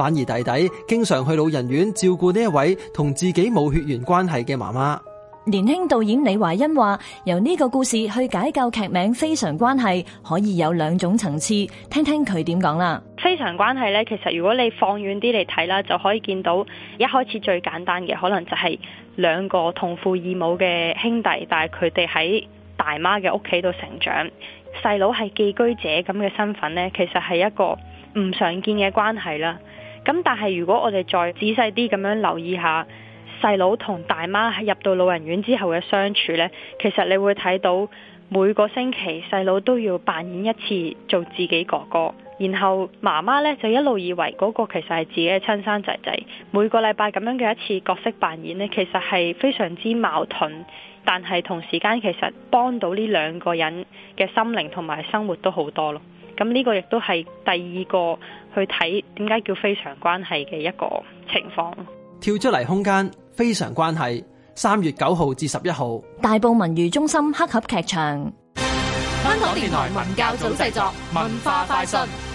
反而弟弟經常去老人院照顧呢一位同自己冇血緣關係嘅媽媽。年輕導演李懷恩話：由呢個故事去解救劇名《非常關係》，可以有兩種層次，聽聽佢點講啦。非常關係咧，其實如果你放遠啲嚟睇啦，就可以見到一開始最簡單嘅可能就係兩個同父異母嘅兄弟，但係佢哋喺大媽嘅屋企度成長，細佬係寄居者咁嘅身份咧，其實係一個唔常見嘅關係啦。咁但係如果我哋再仔細啲咁樣留意下細佬同大媽入到老人院之後嘅相處呢，其實你會睇到每個星期細佬都要扮演一次做自己哥哥，然後媽媽呢就一路以為嗰個其實係自己嘅親生仔仔。每個禮拜咁樣嘅一次角色扮演呢，其實係非常之矛盾，但係同時間其實幫到呢兩個人嘅心靈同埋生活都好多咯。咁呢個亦都係第二個去睇點解叫非常關係嘅一個情況。跳出嚟空間，非常關係，三月九號至十一號，大埔文娛中心黑盒劇場。香港電台文教組製作，文化快訊。